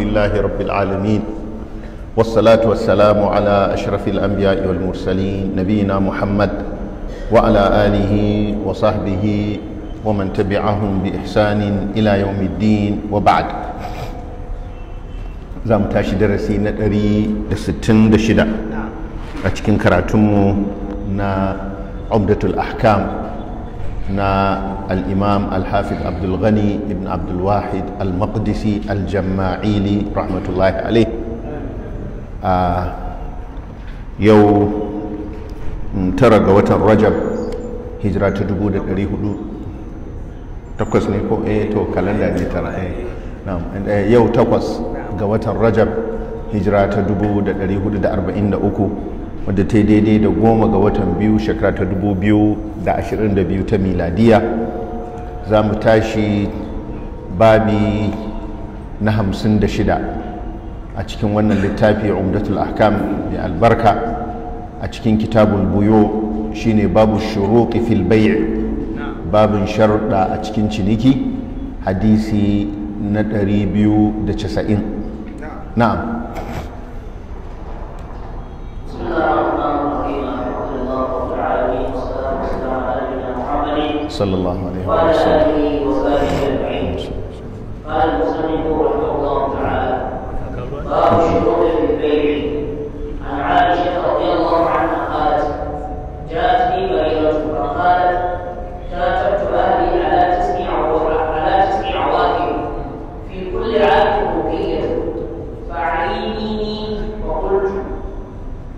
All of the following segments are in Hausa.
لله رب العالمين والصلاة والسلام على أشرف الأنبياء والمرسلين نبينا محمد وعلى آله وصحبه ومن تبعهم بإحسان إلى يوم الدين وبعد زام تاشي درسي نتري دستن دشدا أتكن كراتمو نا عمدة الأحكام na الإمام الحافظ عبد الغني بن عبد الواحد المقدسي الجماعيلي رحمة الله عليه يو ترى قوة الرجب هجرة تدبود الريه takwas ne ko eh to kalanda ne tara eh na'am yau takwas ga watan Rajab hijira دا 1443 wadda ta yi daidai da goma ga watan biyu shekara ta dubu biyu da da ashirin biyu ta miladiya za mu tashi babi na hamsin da shida a cikin wannan littafi umdatul ahkam mai albarka a cikin kitabul buyo shine babu shuruqi fil bay' babin sharuɗa a cikin ciniki hadisi na 290 na'am صلى الله عليه وسلم قال المصنف رحمه الله تعالى باب الشروط البيع عن عائشه رضي الله عنها قالت جاءتني بريره فقالت كاتبت اهلي على تسميع على تسميع عواقب في كل عام بقيه فعينيني وقلت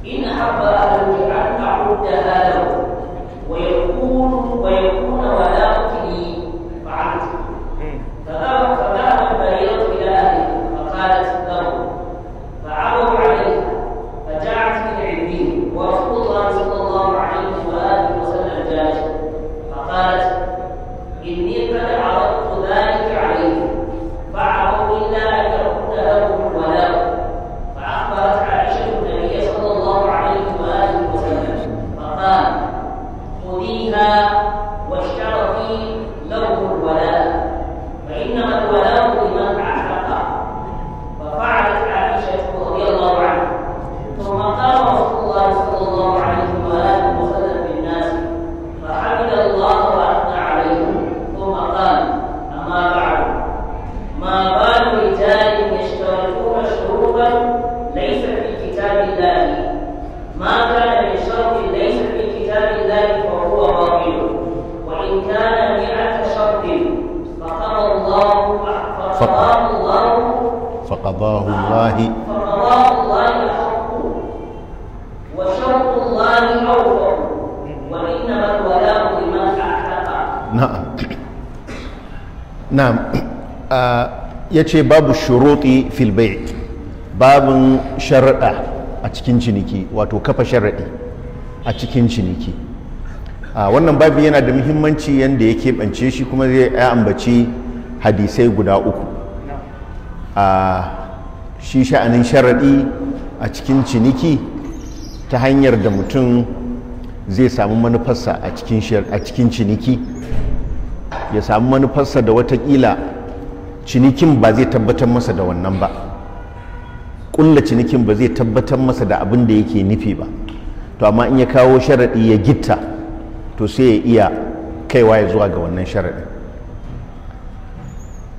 ان احب اهلك ان تعدها له ya ce babu shuruɗi filbai babin sharaɗa a cikin ciniki wato kafa sharaɗi a cikin ciniki a wannan babi yana da muhimmanci yadda ya keɓance shi kuma zai ya ambaci hadisai guda uku a shi sha'anin sharaɗi a cikin ciniki ta hanyar da mutum zai samu manufarsa a cikin ciniki ya samu manufarsa da watakila cinikin ba zai tabbatar masa da wannan ba kulla cinikin ba zai tabbatar masa da abin da yake nufi ba to amma in ya kawo sharaɗi ya gitta to sai ya iya kaiwa ya zuwa ga wannan sharaɗi.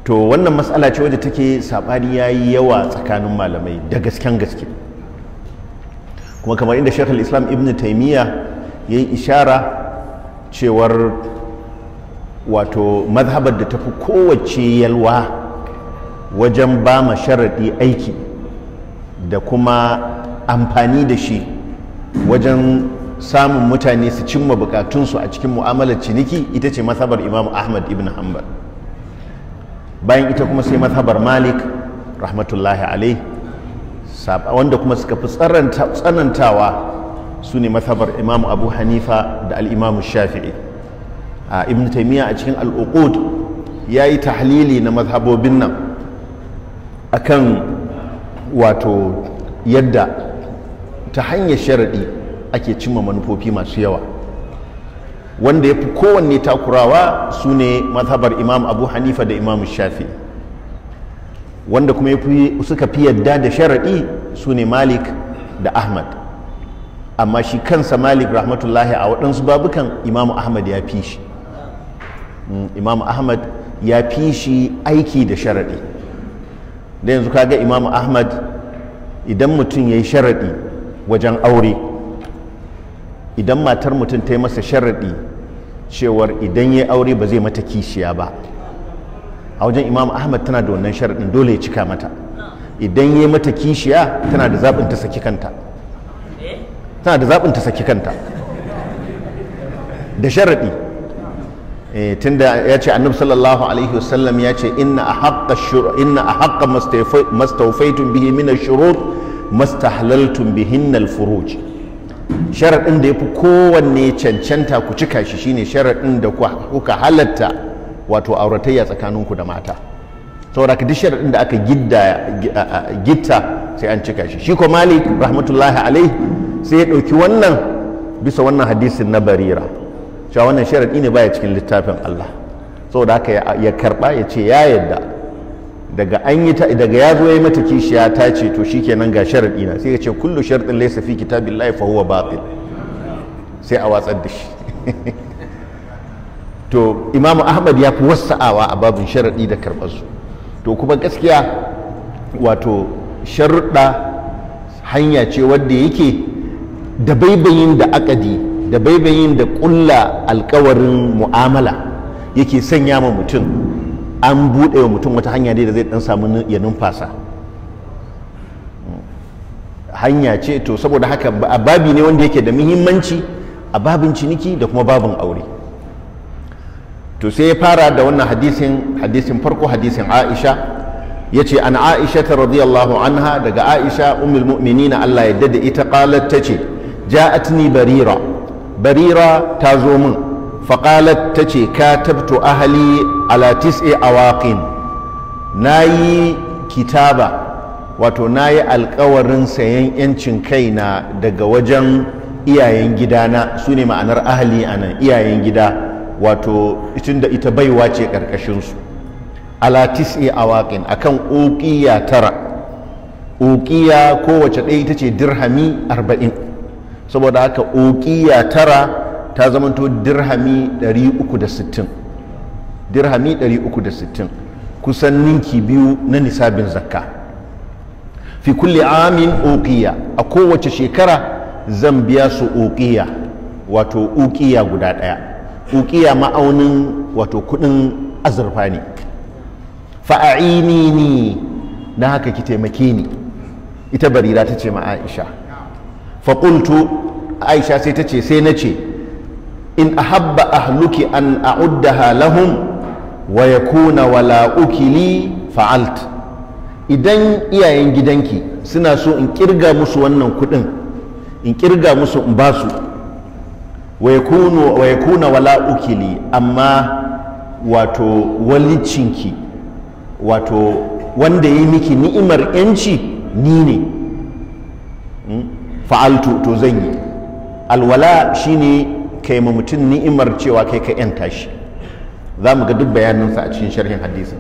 to wannan matsala ce wadda take saɓani ya yi yawa tsakanin malamai da gasken gaske kuma kamar inda shekul islam ibn taimiyya ya yi ishara cewar wato mazhabar da tafi kowace yalwa wajen ba ma sharaɗi aiki da kuma amfani da shi wajen samun mutane su cimma bukatunsu a cikin mu'amalar ciniki ita ce mazhabar Imam ahmad ibn hanbal bayan ita kuma sai mazhabar malik rahmatullahi alaih wanda kuma suka fi tsanantawa su ne mazhabar imamu abu hanifa da al'imamu shafi'i a ibn taimiyya a cikin al'uqud ya yayi tahlili na mazhabobin nan akan wato yadda ta hanyar sharaɗi ake cimma manufofi masu yawa wanda ya fi kowanne takurawa su ne mazhabar imam abu hanifa da imam shafi wanda kuma suka fi yadda da sharaɗi su ne malik da ahmad amma shi kansa malik rahmatullahi a waɗansu babukan imam ahmad ya fi shi imam ahmad ya fi shi aiki da sharaɗi da yanzu kaga imam ahmad idan mutum ya yi sharaɗi wajen aure idan matar mutum ta yi masa sharaɗi cewar idan ya yi aure ba zai mata kishiya ba a wajen imam ahmad tana da wannan sharaɗin dole ya cika mata idan ya yi mata kishiya tana da zaɓin ta saki kanta tana da zaɓin ta saki kanta da sharaɗi Eh, tunda ya ce annabi sallallahu alaihi wasallam ya ce inna ahaqqa inna ahaqqa bihi min shurut mastahlaltum bihinna al-furuj sharaɗin da fi kowanne cancanta ku cika shi shine sharaɗin da kuka halatta wato auratayya tsakaninku da mata saboda ka duk da aka gitta sai an cika shi shi ko malik rahmatullahi alaihi sai ya ɗauki wannan bisa wannan hadisin na barira cewa wannan sharaɗi ne baya cikin littafin Allah saboda haka ya karba ya ce ya yadda daga an yi ta daga ya zo ya yi mata kishiya ta ce to shi shikenan ga sharaɗi na sai ya ce kullu sharadin laysa fi kitabillahi fa huwa batil sai a watsar da shi to imamu ahmad ya fi wasa'awa a babin sharaɗi da karɓarsu to kuma gaskiya wato sharuɗa hanya ce wadda yake da baibayin da akadi da baibayin da ƙulla alkawarin mu'amala yake sanya ma mutum an buɗe wa mutum wata hanya ne da zai ɗan samu ya numfasa hanya ce to saboda haka a babi ne wanda yake da muhimmanci a babin ciniki da kuma babin aure to sai ya fara da wannan hadisin hadisin farko hadisin aisha ya ce an aisha ta radiyallahu anha daga aisha umul mu'minina allah ya da ita qalat ta ce ja'atni barira barira ta zo min faƙalat ta ce ka tabto ahali ala tis'i awaqin na yi kitaba wato na yi alkawarin sayan yancin kaina daga wajen iyayen gidana su ne ma'anar ahali a nan iyayen gida wato tunda da ita baiwa ce ƙarƙashinsu ala tis'i awaqin akan uqiya tara uqiya kowace ɗaya ita ce dirhami arba'in saboda haka uqiya tara ta zamanto dirhami 360 dirhami 360 kusan ninki biyu na nisabin zakka fi kulli amin uqiya a kowace shekara zan biya su uqiya wato uqiya guda ɗaya, uqiya ma'aunin wato kuɗin azurfa ne fa'aini ni na haka ki taimake ni ita barira ta ce ma aisha faƙultu aisha sai ta ce sai na ce in ahabba ahluki an a'uddaha lahum wa yakuna wala'uki li fa'alt idan iyayen gidanki suna so in kirga musu wannan kudin in kirga musu in ba su wa yakuna wala'uki li amma wato walicinki wato wanda ya yi miki ni'imar 'yanci ni ne hmm? fa'altu to zan yi alwala shine kai ma mutum ni'imar cewa kai ka yanta tashi za mu ga duk bayanansa a cikin sharhin hadisin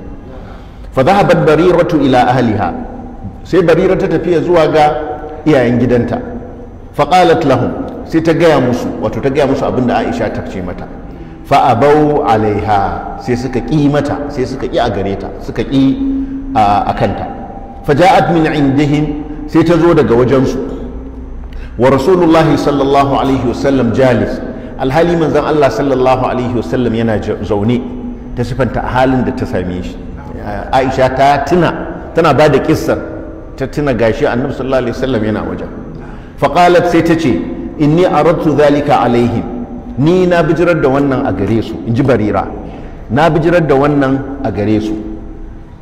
fa zahabat bariratu ila ahliha sai barira ta tafiya zuwa ga iyayen gidanta fa qalat lahum sai ta gaya musu wato ta gaya musu abinda Aisha ta ce mata fa abau alaiha sai suka ƙi mata sai suka ƙi a gare ta suka ƙi a kanta fa ja'at min indihim sai ta zo daga wajensu wa rasulullahi sallallahu alaihi wasallam jalis alhali manzon Allah sallallahu alaihi wasallam yana zaune ta sifanta halin da ta same shi Aisha ta tuna tana ba da kissar ta tuna gashi annabi sallallahu alaihi wasallam yana wajen faqalat sai ta ce inni aradtu zalika alaihim ni na bijirar da wannan a gare su inji barira na bijirar da wannan a gare su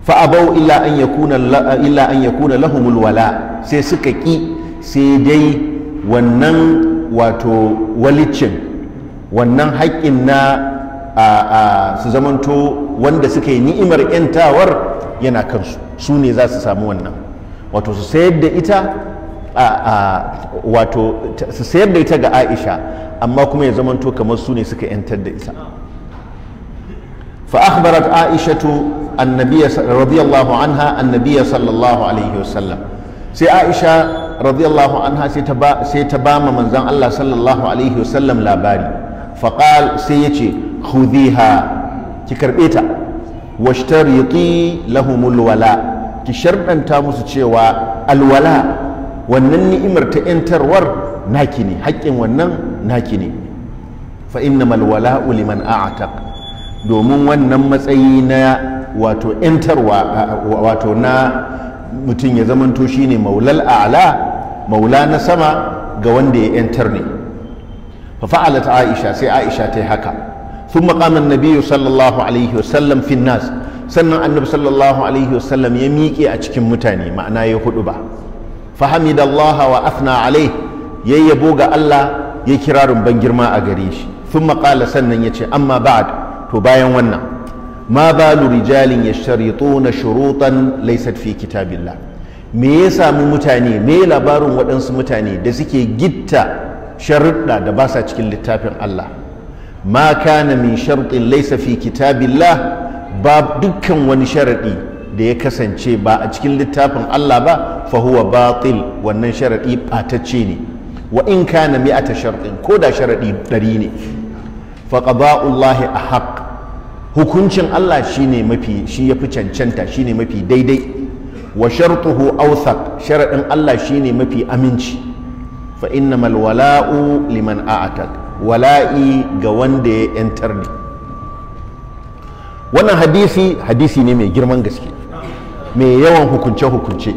fa abau illa an yakuna illa an yakuna lahumul wala sai suka ki sai dai wannan wato walicin wannan haƙƙin na a su zamanto wanda suka yi ni'imar 'yantawar yana kansu su ne za su samu wannan wato su sayar da ita a wato su sayar da ita ga aisha amma kuma ya zamanto kamar su ne suka 'yantar da ita فأخبرت عائشة النبي رضي الله عنها النبي صلى الله عليه وسلم سي عائشة radiyallahu anha sai ta ba ma manzon Allah sallallahu alaihi wasallam labari faqal sai yace khudhiha ki karbe ta washtariti lahumul wala ki sharɗanta musu cewa alwala wannan ni'imar ta yantarwar naki ne haƙƙin wannan naki ne fa innamal wala'u liman a'taq domin wannan matsayi na wato yantarwa wato na mutum ya zamanto shine maulal a'la maula na sama ga wanda ya yantar ne fa ta aisha sai aisha ta yi haka sun maƙaman nabiyu sallallahu alaihi wasallam fin nas sannan annabi sallallahu alaihi wasallam ya miƙe a cikin mutane ma'ana ya hudu ba fahamidallaha wa afna alai ya yabo ga Allah ya kirarin ban girma a gare shi sun maƙala sannan ya ce amma ba'ad to bayan wannan ma balu ya yashtarituna shurutan laysat fi kitabillah me ya samu mutane me labarin waɗansu mutane da suke gitta sharuɗa da ba sa cikin littafin Allah ma kana min shartin laysa fi kitabillah ba dukkan wani sharaɗi da ya kasance ba a cikin littafin Allah ba fa huwa batil wannan sharaɗi ɓatacce ne wa in kana mi'ata shartin ko da sharaɗi ɗari ne fa qada'ullahi ahaq hukuncin Allah shi ne mafi shi ya fi cancanta shi ne mafi daidai wa shartuhu awthaq sharadin Allah shi ne mafi aminci fa innamal wala'u liman a'atak wala'i ga wanda ya yantar ne wannan hadisi hadisi ne mai girman gaske mai yawan hukunce-hukunce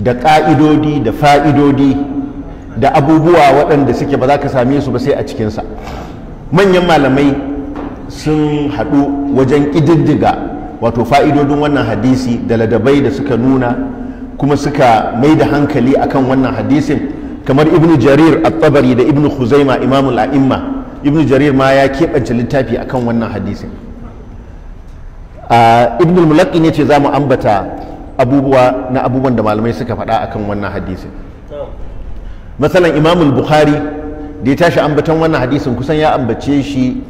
da ƙa'idodi da fa'idodi da abubuwa waɗanda suke ba za ka same su ba sai a cikinsa manyan malamai sun haɗu wajen ƙididdiga wato fa'idodin wannan hadisi da ladabai da suka nuna kuma suka mai da hankali akan wannan hadisin kamar ibn jarir at-tabari da ibn khuzaima imamul a'imma ibn jarir ma ya keɓance littafi akan wannan hadisin ibn mulaƙi ne ce za mu ambata abubuwa na abubuwan da malamai suka faɗa akan wannan hadisin matsalan imamul buhari da ya tashi ambatan wannan hadisin kusan ya ambace shi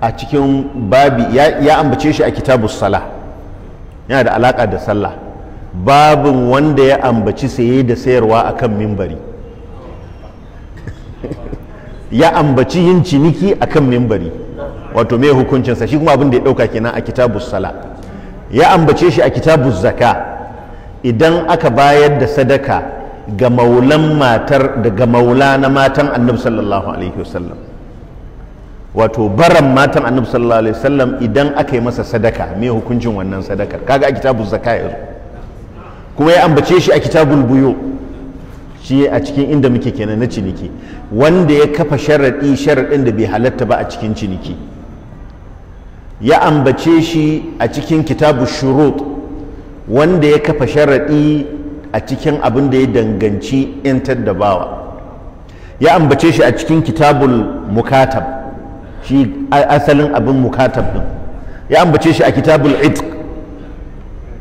a cikin babi ya ambace shi a kitabus sala yana da alaka da sallah babin wanda ya ambaci saye da sayarwa akan mimbari ya ambaci yin ciniki akan mimbari wato mai hukuncinsa shi kuma abin da ya ɗauka kenan a kitabus sala ya ambace shi a kitabus zaka idan aka bayar da sadaka ga maulan matar da ga maula na matan annabi sallallahu alaihi wasallam wato baran matan annabi sallallahu alaihi wasallam idan aka yi masa sadaka me hukuncin wannan sadakar kaga a kitabun zaka ya kuma ya ambace shi a kitabul buyo shi a cikin inda muke kenan na ciniki wanda ya kafa sharaɗi sharaɗin da bai halatta ba a cikin ciniki ya ambace shi a cikin kitabu shurut wanda ya kafa sharaɗi a cikin abin da ya danganci 'yantar da bawa ya ambace shi a cikin kitabul mukatab shi asalin abin mukatab din ya ambace shi a kitabul itq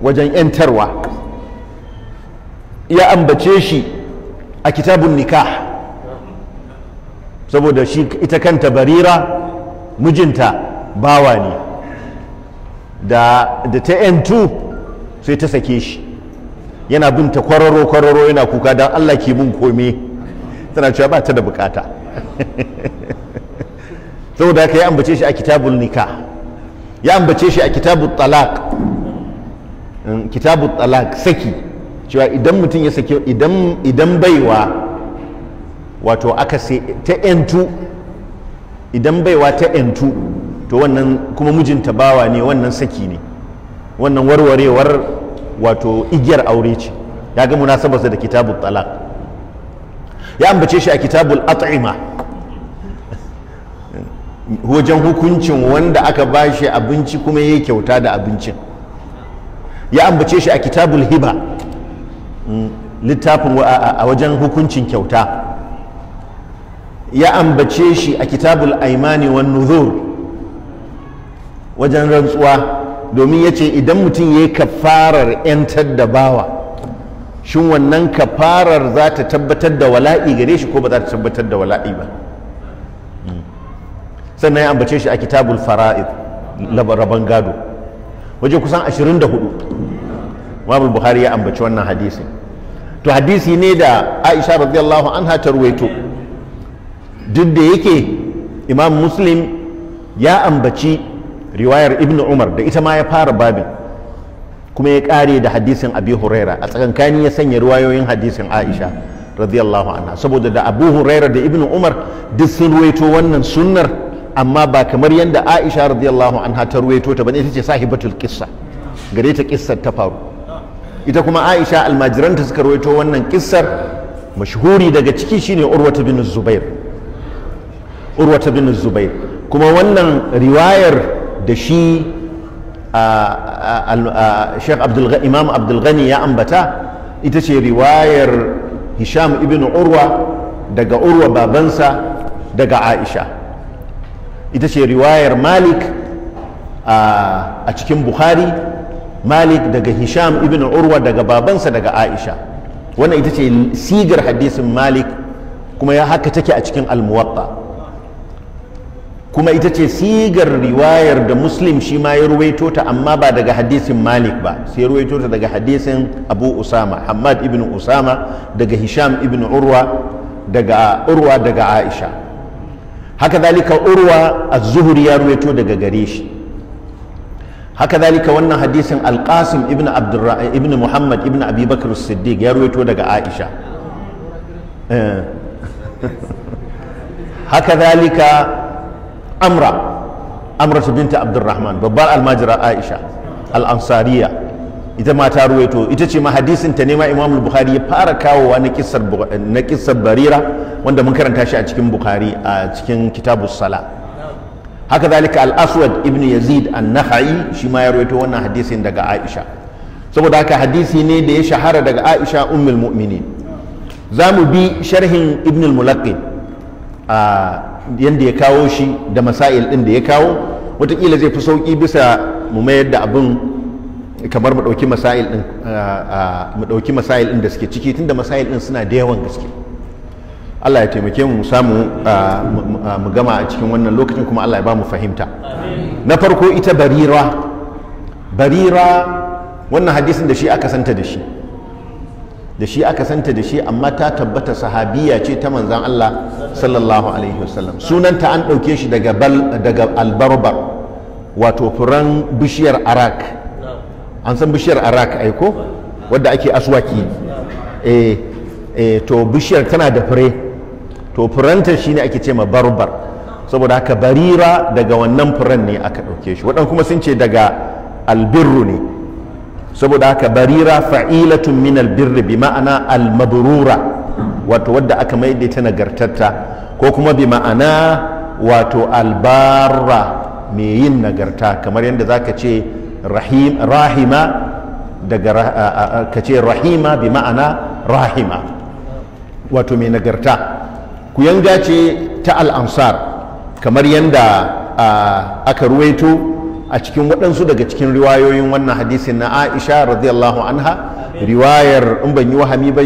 wajen yantarwa ya ambace shi a kitabun nikah saboda shi ita kanta barira mijinta bawa ne da ta yantu sai ta sake shi yana bin ta kwararo kwararo yana kuka don allah ke mun kome tana cewa ba ta da bukata saboda haka ya ambace shi a kitabun nika ya ambace shi a kitabun talak mm, kitabun talak saki cewa idan mutum ya saki idan idan baiwa wato aka sai ta yantu idan baiwa ta yantu to wannan kuma mijinta bawa ne wannan saki ne wannan warwarewar wato igiyar aure ce ya ga munasabarsa da kitabun talak ya ambace shi a kitabun at'ima wajen hukuncin wanda aka ba shi abinci kuma ya kyauta da abincin ya ambace shi a kitabul hiba mm, littafin a wajen hukuncin kyauta ya ambace shi a kitabul aimani wa nuzur wajen rantsuwa domin ya ce idan mutum ya yi kafarar 'yantar da bawa shin wannan kafarar za ta tabbatar da wala'i gare shi ko ba za ta tabbatar da wala'i ba sannan ya ambace shi a kitabul fara'id rabon gado waje kusan 24 mabu buhari ya ambaci wannan hadisin to hadisi ne da Aisha radiyallahu anha ta ruwaito duk da yake Imam Muslim ya ambaci riwayar Ibn Umar da ita ma ya fara babin kuma ya kare da hadisin Abi Huraira a tsakankani ya sanya riwayoyin hadisin Aisha radiyallahu anha saboda da Abu Huraira da Ibn Umar duk sun ruwaito wannan sunnar amma ba kamar yadda aisha radiyallahu anha ta ruwaito ta bane ita ce sahibatul kissa gare ta kissar ta faru ita kuma aisha almajiranta suka ruwaito wannan kissar mashhuri daga ciki shine urwata bin zubair urwata bin zubair kuma wannan riwayar da shi Sheikh Imam Abdulghani ya ambata ita ce riwayar Hisham ibn Urwa daga Urwa babansa daga Aisha ita ce riwayar malik a cikin bukhari malik daga hisham ibn urwa daga babansa daga aisha wannan ita ce sigar hadisin malik kuma ya haka take a cikin almuwatta kuma ita ce sigar riwayar da muslim shi ma ya ruwaito ta amma ba daga hadisin malik ba sai ya ruwaito ta daga hadisin abu usama hamad ibn usama daga hisham ibn urwa daga urwa daga aisha haka zalika urwa az-zuhur ya ruwaito daga gare shi haka zalika wannan hadisin al ibn ibn muhammad ibn abubakar bakr siddiq ya ruwaito daga aisha eh. haka zalika amra amra binta abdurrahman babbar almajira aisha alansariya. ita ma ta ruwaito ita ce ma hadisin ta ma imamul bukhari ya fara kawowa na kisar barira wanda mun karanta shi a cikin bukhari a cikin kitabu sala haka zalika al-aswad ibn yazid an nahai shi ma ya ruwaito wannan hadisin daga aisha saboda haka hadisi ne da ya shahara daga aisha ummul mu'minin za mu bi sharhin ibn al-mulaqqin a yanda ya kawo shi da masail din da ya kawo watakila zai fi sauki bisa mu mayar da abin kamar mu ɗauki masail ɗin da suke ciki tunda masail ɗin suna da yawan gaske Allah ya taimake mu samu mu gama a cikin wannan lokacin kuma Allah ya ba mu fahimta na farko ita barira barira wannan hadisin da shi aka santa da shi da shi aka santa da shi amma ta tabbata sahabiya ce ta manzan Allah sallallahu alaihi wasallam sunanta an ɗauke shi daga albarbar wato furen bishiyar arak an san bishiyar arak aiko wadda ake aswaki eh, eh, to bishiyar tana da fure to shi shine ake ce ma barbar saboda haka barira daga wannan furen ne aka ɗauke shi kuma sun ce daga albirru ne saboda haka barira fa'ilatun min albirri bi ma'ana almabrura wato wadda aka maida ta nagartatta ko kuma bi ma'ana wato albarra mai yin nagarta kamar yadda za ka ce rahima daga ka ce rahima bi ma'ana rahima wato mai nagarta kuyanga ce ta al'ansar kamar yadda aka ruwaito a cikin waɗansu daga cikin riwayoyin wannan hadisin na aisha radiyallahu anha riwayar in ban yi wahami ba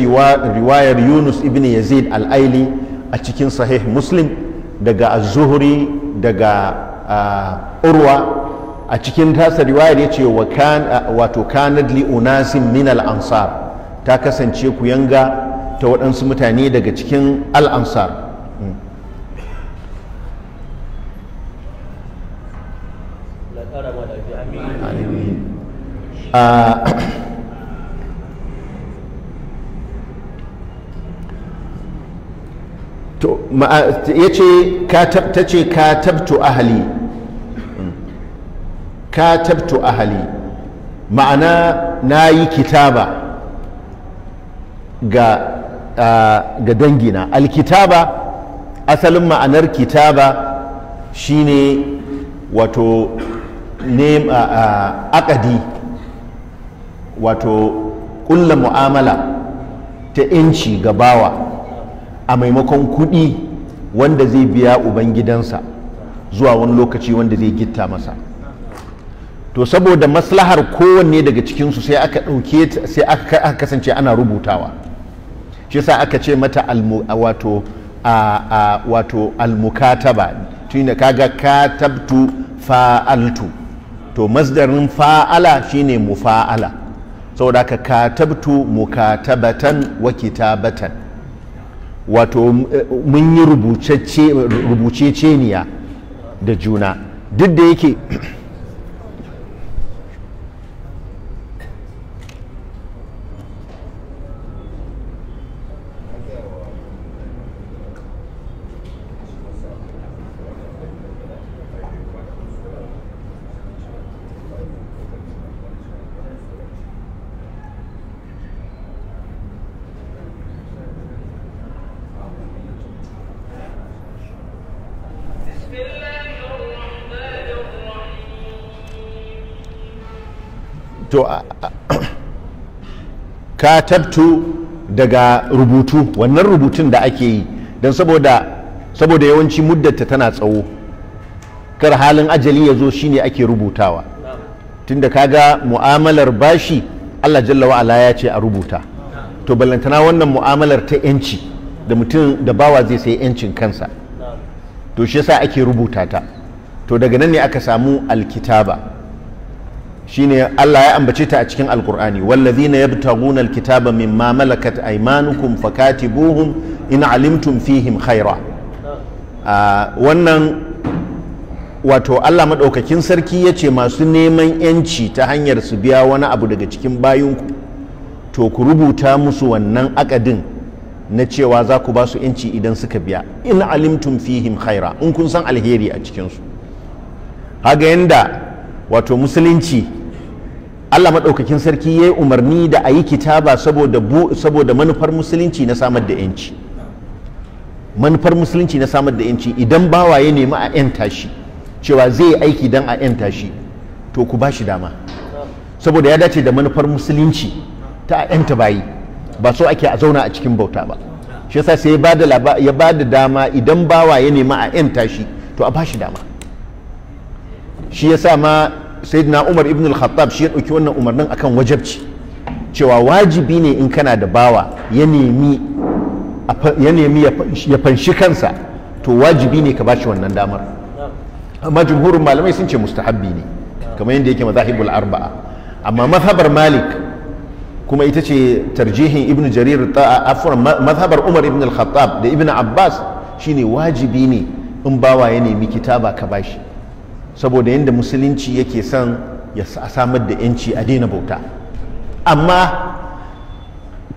riwayar yunus ibn yazid al'aili a cikin sahih muslim daga az-zuhri daga urwa a cikin tasa riwayar ya ce wato kanad li unasin min al ta kasance ku yanga ta waɗansu mutane daga cikin al-ansar hmm. ah. ya ce ka tabtu ahali katabtu ahali ma'ana na yi kitaba ga ga dangina alkitaba asalin ma'anar kitaba shine wato akadi wato kulla mu'amala ta inci ga bawa a maimakon kuɗi wanda zai biya ubangidansa zuwa wani lokaci wanda zai gitta masa to saboda maslahar kowanne daga cikinsu sai aka ɗauke sai aka kasance ana rubutawa shi sa aka ce mata wato wato almukataba tunda kaga katabtu fa'altu to masdarin fa'ala shine mufa'ala saboda ka katabtu mukatabatan wa kitabatan wato eh, mun yi rubuceceniya da juna duk da yake katabtu daga rubutu wannan rubutun da ake yi don saboda saboda yawanci muddata tana tsawo kar halin ajali ya zo shine ake rubutawa tunda kaga mu'amalar bashi Allah jalla ala ya ce a rubuta to ballantana wannan mu'amalar ta yanci da mutum da bawa zai sai yancin kansa to shi yasa ake rubuta ta to daga nan ne aka samu alkitaba shine Allah ya ambace ta a cikin alkur'ani wallazina yabtaguna alkitaba mimma malakat aymanukum fakatibuhum in alimtum fihim khaira ah, wannan wato Allah maɗaukakin sarki ya ce masu neman yanci ta hanyar su biya wani abu daga cikin bayunku to ku rubuta musu wannan akadin na cewa za ku ba su yanci idan suka biya in alimtum fihim khaira in kun san alheri a cikinsu haga yanda wato musulunci Allah maɗaukakin sarki ya yi umarni da a yi kitaba saboda, saboda manufar musulunci na samar da yanci manufar musulunci na samar da yanci idan bawa ya nemi a yanta shi cewa zai aiki don a yanta shi to ku ba shi dama saboda ya dace da manufar musulunci ta a yanta bayi ba so ake a zauna a cikin bauta ba shi yasa sai ya ba da dama idan bawa ya nemi a yanta shi to a ba shi dama shi ya sa ma sayyidina umar ibn al-khattab shi ya ɗauki wannan umarnin akan wajabci cewa wajibi ne in kana da bawa ya nemi ya fanshi kansa to wajibi ne ka shi wannan damar amma jumhurin malamai sun ce mustahabbi ne kamar yadda yake mazahibul arba'a amma mazhabar malik kuma ita ce tarjihin ibn jarir ta'a afwan mazhabar umar ibn al-khattab da ibn abbas shine wajibi ne in bawa ya nemi kitaba ka ba shi. saboda yadda musulunci yake son ya samar da yanci a daina bauta amma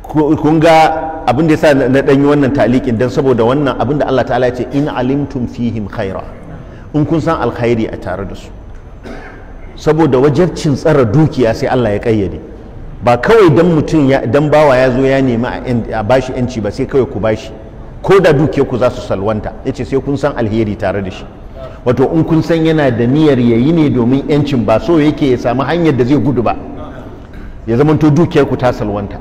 kun ga abin da ya sa na ɗanyi wannan talikin don saboda wannan abin da Allah ta'ala ya ce in alimtum fihim khaira in kun san alkhairi a tare da su saboda wajarcin tsara dukiya sai Allah ya kayyade ba kawai dan mutum don bawa ya zo ya nemi a bashi yanci ba sai kawai ku bashi ko da dukiya ku za su salwanta ce sai kun san alheri tare da shi wato in kun san yana da niyyar yi ne domin yancin ba so yake ya samu hanyar da zai gudu ba ya zamanto dukiyar ku ta salwanta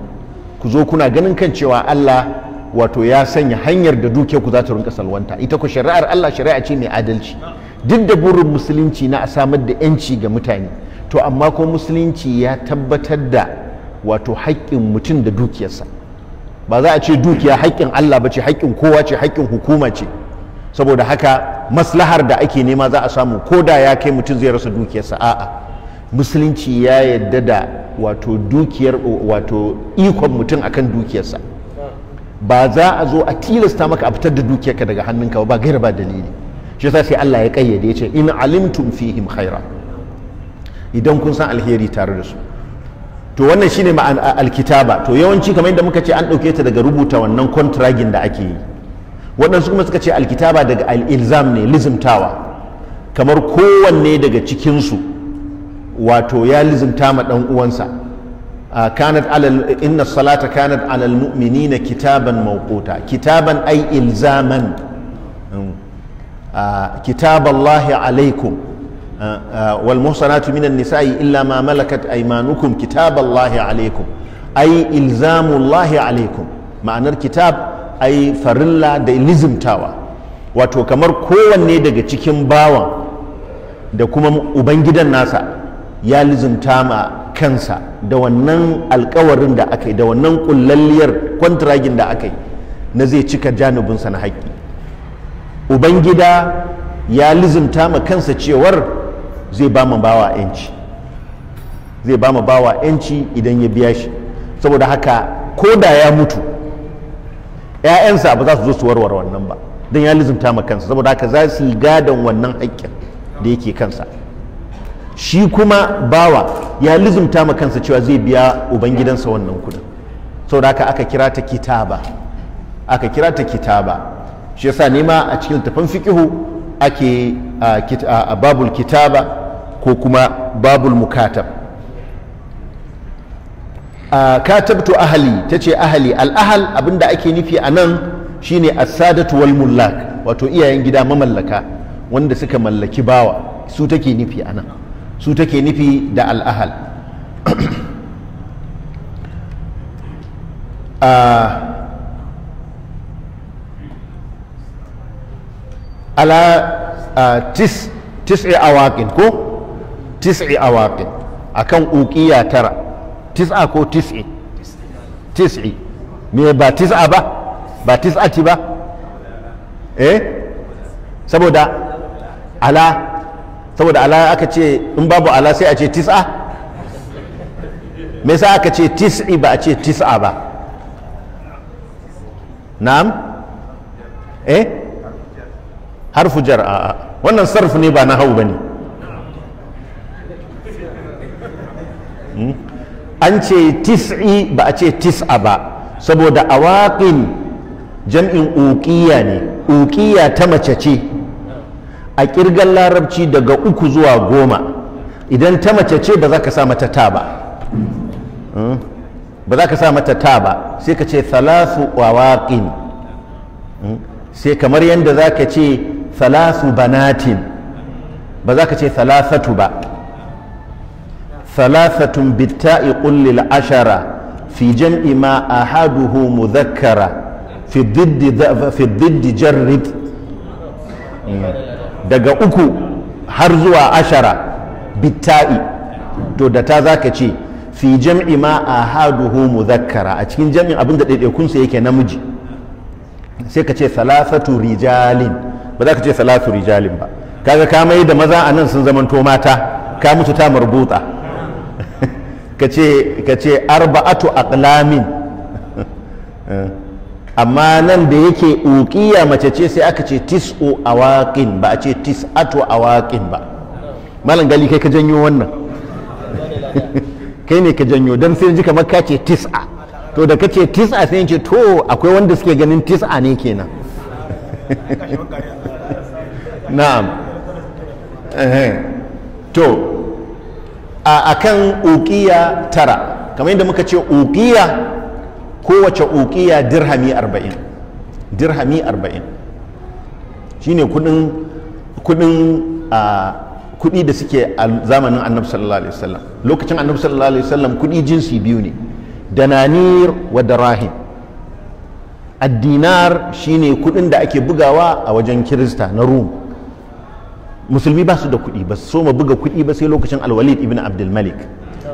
ku zo kuna ganin kan cewa Allah wato ya sanya hanyar da dukiyar ku za ta rinka salwanta ita ku shari'ar Allah shari'a ce mai adalci duk da burin musulunci na a samar da yanci ga mutane to amma ko musulunci ya tabbatar da wato haƙƙin mutum da dukiyarsa ba za a ce dukiya haƙƙin Allah ba ce haƙƙin kowa ce haƙƙin hukuma ce saboda haka maslahar da ake nema za a samu ko da ya kai mutum zai rasa dukiyarsa a'a musulunci ya yadda da wato dukiyar wato ikon mutum akan dukiyarsa ba za a zo a tilasta maka a fitar da dukiyarka daga hannunka ba gaira ba dalili shi yasa sai Allah ya kayyade ya ce in alimtum fihim khaira idan kun san alheri tare da su to wannan shine ma'an alkitaba to yawanci kamar yadda muka ce an ɗauke ta daga rubuta wannan kontragin da ake yi waɗansu kuma suka ce alkitaba daga al'ilzam ne lizimtawa kamar kowanne daga cikinsu wato ya lizimta ma ɗan uwansa kanat alal inna salata kanat alal mu'minina kitaban mawquta kitaban ai ilzaman mm. kitaballahi alaikum wal muhsanatu minan nisa'i illa ma malakat aymanukum kitaballahi alaikum ai ay ilzamullahi alaikum ma'anar kitab ai farilla da lizimtawa wato kamar kowanne daga cikin bawan da kuma ubangidan nasa ya lizimta ma kansa da wannan alkawarin da aka yi da wannan kullalliyar kwantiragin da aka yi na zai cika janubinsa na haƙƙi ubangida ya lizimta ma kansa cewar zai ba mu bawa 'yanci zai ba mu bawa 'yanci idan ya biya shi saboda haka ko da ya mutu 'ya'yansa ba za su zo su warware wannan ba don ya lizumta ma kansa saboda haka za su yi gadon wannan haƙƙin da yake kansa shi kuma bawa ya lizumta ma kansa cewa zai biya ubangidansa wannan kudin saboda haka aka kira ta kitaba aka kira ta kitaba shi yasa nema a cikin tafan fiqihu ake a babul kitaba ko kuma babul mukatab Ah, katabtu ahali ta ce ahali al'ahal abinda ake nufi a nan shine asadatu wal mullak wato iyayen gida mamallaka wanda suka mallaki bawa su take nufi a nan su take nufi da al'ahal ah, ala ah, tis'i awaqin ko tis'i awaqin akan uqiya tara tis'a ko tis'i tis'i me ba tis'a ba ba tis'a tis'ati ba eh saboda ala saboda ala aka ce in babu ala sai a ce tis'a me yasa aka ce tis'i ba a ce tis'a ba na'am eh harfu jar a wannan sarfu ne ba na hau ba ne hmm? an ce tis'i ba a ce tis'a ba saboda awaƙin jam'in uƙiya ne uƙiya ta mace ce a ƙirgar larabci daga uku zuwa goma idan ta mace ce ba za ka sa mata ta ba hmm? ba za ka sa mata ta ba sai ka ce salasu awaƙin hmm? sai kamar yadda za ka ce salasu banatin ba za ka ce salasatu ba salasatun bitta'i qullil ashara fi jam'i ma ahaduhu mudhakkara fi diddi fi diddi jarrid daga uku har zuwa ashara bitta'i to da ta zaka ce fi jam'i ma ahaduhu mudhakkara a cikin jam'in abin da ɗaiɗaikun sa yake namiji sai ka ce thalathatu rijalin ba za ka ce salatu rijalin ba kaga ka mai da maza a nan sun zamanto mata ka mutu ta marbuta ka ce arba'atu aqlamin amma nan da yake uƙiya mace ce sai aka ce tis'u awaqin ba a ce tis'atu awaqin ba malam gali kai ka janyo wannan kai ne ka janyo don sai ji kamar ka ce tis'a to da ka ce tis'a sai ce to akwai wanda suke ganin tis'a ne kenan na'am to a kan uƙiya tara kamar yadda muka ce uƙiya kowace uƙiya dirhami arba'in dirhami arba'in shi ne kudin kudi da suke a zamanin annabi sallallahu alaihi wasallam lokacin annabi sallallahu alaihi wasallam kudi jinsi biyu ne dananir wa darahim addinar shine kudin da ake bugawa a wajen kirista na rum musulmi ba su da kuɗi ba so ma buga kuɗi ba sai lokacin alwalid ibn abdulmalik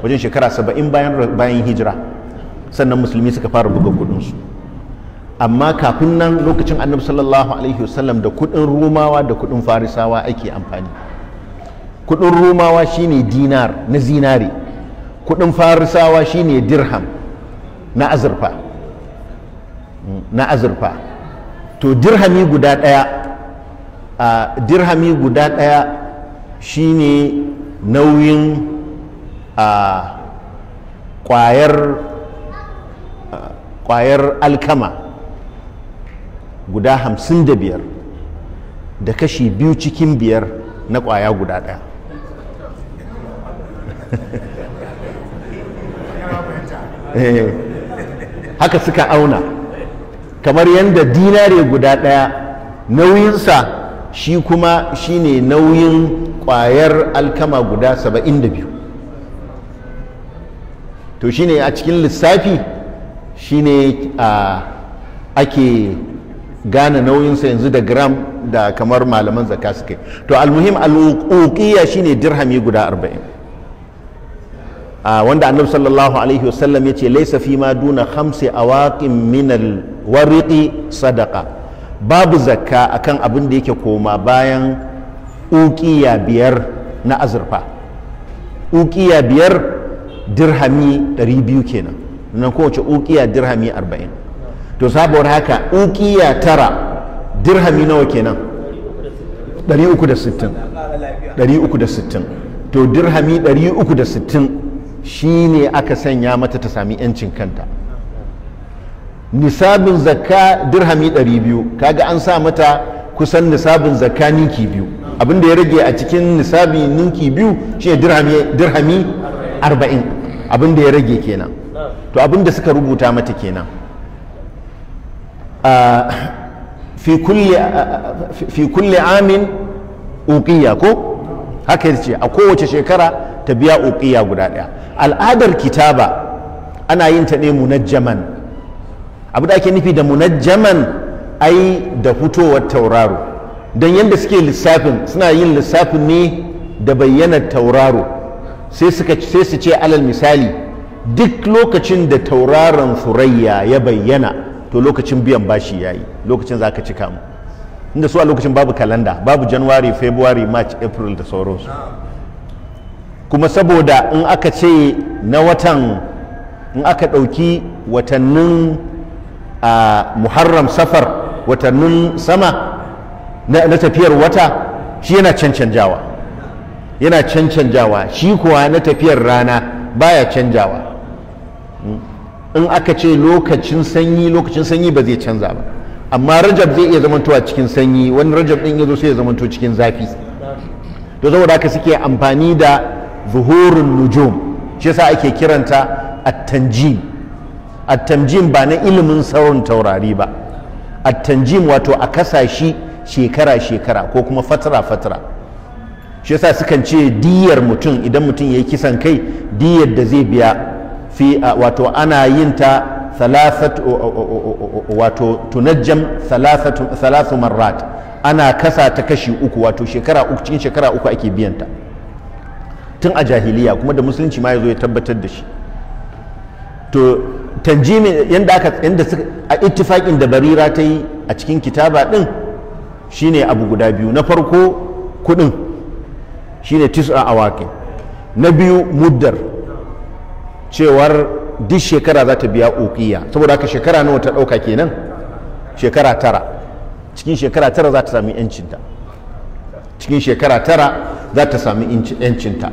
wajen shekara saba'in bayan bayan hijira sannan musulmi suka fara buga kuɗinsu amma kafin nan lokacin annabi sallallahu alaihi wasallam da kuɗin rumawa da kuɗin farisawa ake amfani kuɗin rumawa shine dinar na zinari kuɗin farisawa shine dirham na azurfa hmm, na azurfa to dirhami guda ɗaya a dirhami guda ɗaya shine nauyin a ƙwayar alkama guda hamsin da biyar da kashi biyu cikin biyar na kwaya guda ɗaya eh, haka suka auna kamar yadda dinare guda ɗaya nauyinsa shi kuma shine nauyin kwayar alkama guda 72 to ne a cikin lissafi shine a ake gane nauyinsa yanzu da gram da kamar malaman zaka su kai. to almuhim shi shine dirhami guda 40 wanda annabi sallallahu alaihi wasallam ya ce laisa fi ma duna khamsi awaqin min alwariqi sadaqa babu zakka akan abin da yake koma bayan ukiya biyar na azurfa ukiya biyar dirhami 200 kenan nan kowace ukiya dirhami 40 to sabuwar haka ukiya tara dirhami nawa kenan 360 360 to dirhami 360 shine aka sanya mata ta sami 'yancin kanta nisabin zakka dirhami 200 kaga an sa mata kusan nisabin zakka ninki biyu abin da ya rage a cikin nisabin ninki biyu shine dirhami dirhami 40 abin da ya rage kenan to abin da suka rubuta mata kenan ah, ah, fi kulli amin uqiya ko haka yace a kowace shekara ta biya uqiya guda daya al'adar kitaba ana yin ta ne munajjaman abu da ake nufi da munajjaman ai da fitowar tauraro don yadda suke lissafin suna yin lissafin ne da bayyana tauraro sai su ce alal misali duk lokacin da tauraron furayya ya bayyana to lokacin biyan bashi yayi lokacin za ka ci kamu inda su a lokacin babu kalanda babu january february march april da sauransu kuma saboda in aka ce na watan in aka ɗauki watannin a muharram safar watannin sama na tafiyar wata shi yana cancanjawa yana cancanjawa shi kuwa na tafiyar rana baya canjawa hmm. in aka ce lokacin sanyi lokacin sanyi ba zai canza ba amma rajab zai iya zamantowa cikin sanyi wani rajab din ya zo sai ya zamanto cikin zafi to saboda haka suke amfani da zuhurun nujum shi yasa ake kiranta at-tanjim at-tamjim ba na ilimin sauran taurari ba at-tanjim wato a kasa shekara shekara ko kuma fatara fatara shiyasa sukan ce diyar mutum idan mutum ya yi kisan kai diyar da zai biya fi wato ana yin ta wato tunajjam thalathu marrat ana kasa ta kashi uku wato shekara uku cikin shekara uku ake biyanta tun a jahiliya kuma da musulunci ma ya zo ya tabbatar da shi to tanjimin yadda aka yadda a ittifaƙin da barira ta yi a cikin kitaba din shine abu guda biyu na farko kudin shine tis'a awakin na biyu muddar cewar duk shekara za ta biya okiya saboda haka shekara nawa ta dauka kenan shekara tara cikin shekara tara za ta sami yancinta cikin shekara tara za ta sami yancinta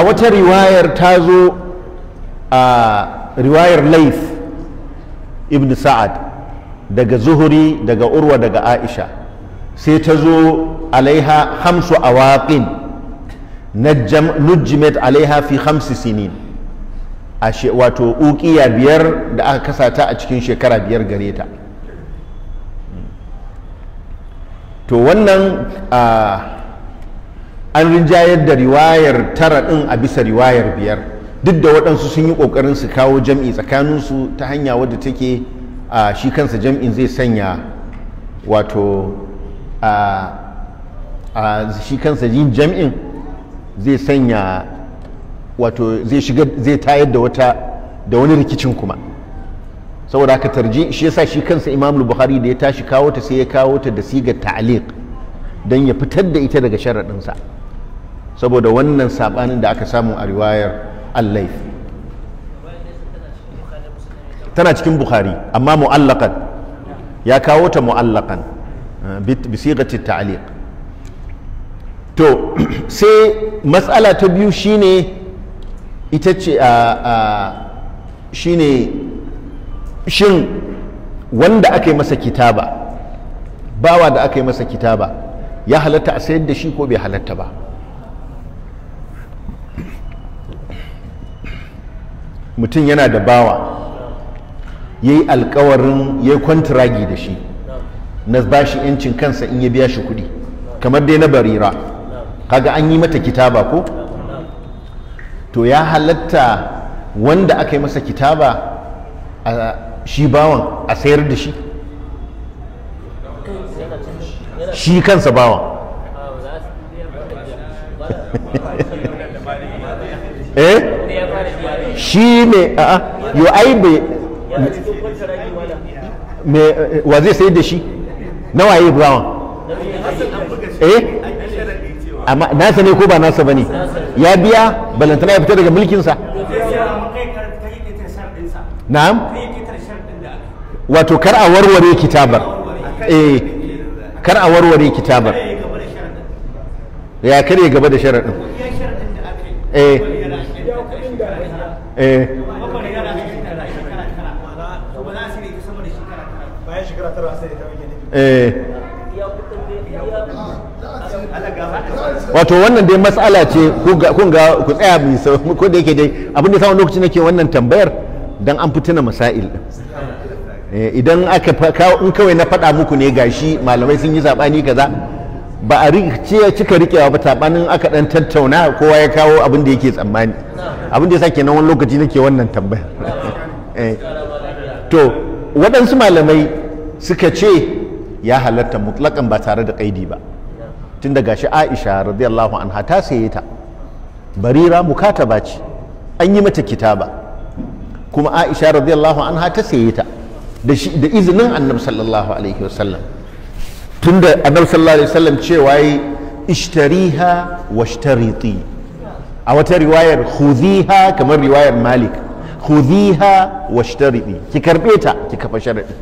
a wata riwayar ta zo a riwayar laif ibn sa'ad daga zuhuri daga urwa daga aisha sai ta zo alaiha hamsu awaqin nujjimet alaiha fi hamsi sinin a wato ukiya biyar da aka kasata a cikin shekara biyar gare ta to wannan an rinjayar da riwayar tara ɗin a bisa riwayar biyar duk da waɗansu sun yi ƙoƙarin su kawo jam'i tsakaninsu ta hanya wadda take a shi kansa jam'in zai sanya wato a shi kansa yin jam'in zai sanya wato zai shiga zai tayar da wata da wani rikicin kuma saboda haka tarji shi yasa shi kansa imam buhari da ya tashi kawo ta sai ya kawo ta da sigar ta'aliq don ya fitar da ita daga sharaɗinsa saboda wannan sabanin da aka samu a riwayar allaif tana cikin bukhari amma mu'allakan ya kawo ta mu'allakan eh, bisigati ta'liq to sai matsala ta biyu shine ita ce shine shin wanda aka yi masa kitaba bawa da aka yi masa kitaba ya halatta a sayar da shi ko bai halatta ba mutum yana da bawa ya yi alkawarin ya yi kwantiragi da shi na ba shi yancin kansa in ya biya shi kuɗi kamar dai na barira kaga an yi mata kitaba ko to ya halatta wanda aka yi masa kitaba a shi bawan a sayar da shi shi kansa bawan eh shi ne a yo ai bai wa zai sayar da shi na waye brown eh amma nasa ne ko ba nasa ba ne? ya biya balantana ya fita daga mulkinsa na'am wato kar a warware kitabar eh kar a warware kitabar ya kare gaba da sharaɗin eh Eh. eh wato wannan dai matsala ce kun ga ku tsaya ko da yake dai abin samun lokaci nake wannan tambayar don an fituna masail eh, idan aka in kawai na faɗa muku ne gashi malamai sun yi zaɓani kaza ba a ya cika rikewa ba tabanin aka dan tattauna kowa ya kawo abin da yake tsammani abin da ya sa kenan wani lokaci nake wannan tambaya eh. to waɗansu malamai suka ce ya halatta mutlakan ba tare da kaidi ba tun daga shi aisha radiyallahu anha ta saye ta barira ba ce an yi mata kitaba kuma aisha radiyallahu anha ta saye ta da izinin annabi sallallahu alaihi wasallam tunda annabi sallallahu alaihi wasallam cewa yi ishtariha washtariti a wata riwayar khudhiha kamar riwayar malik khudhiha washtariti ki karbe ta ki kafa sharadi